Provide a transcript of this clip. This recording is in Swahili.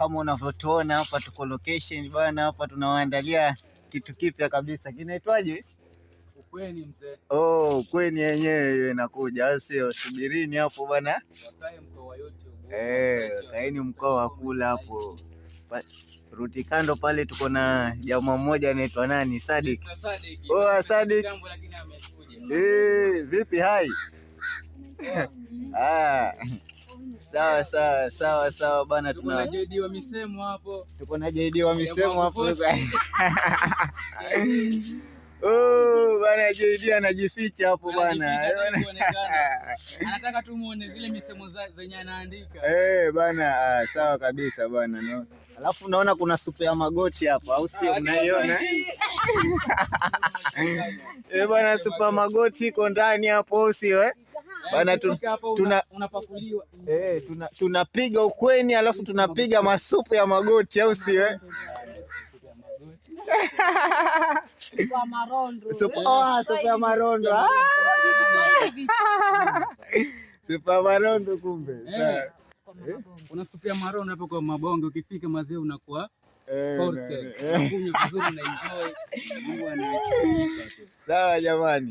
Kama unavyotuona hapa, tuko location bwana, hapa tunawaandalia kitu kipya kabisa, kinaitwaje? Ukweni mzee. Oh, ukweni yenyewe inakuja, sio? Subirini hapo bwana, eh, kaeni mkoa wa kula hapo ruti kando pale, tuko na jamaa mmoja anaitwa nani, Sadik. Oh, Sadik. Eh, vipi hai? ah Sawa sawa sawa sawa bana, tuko na JD wa misemo hapo, tuko na JD misemo hapo bana. JD anajificha hapo bana, anataka tu muone zile misemo zenye anaandika eh bana. Ah, sawa kabisa bana no. Alafu naona kuna supu ya magoti hapo, au sio? Ah, Unaiona Eh, bwana Super Magoti iko ndani hapo sio eh? Bana tu, tuna, unapakuliwa. eh, tuna, tunapiga ukweni alafu tunapiga masupu ya magoti au sio eh? Super oh, ah, ah! eh, marondo Super Super marondo. marondo kumbe. una Unasupia marondo hapo kwa mabonge, ukifika mazee unakuwa Forte. Eh, Sawa jamani.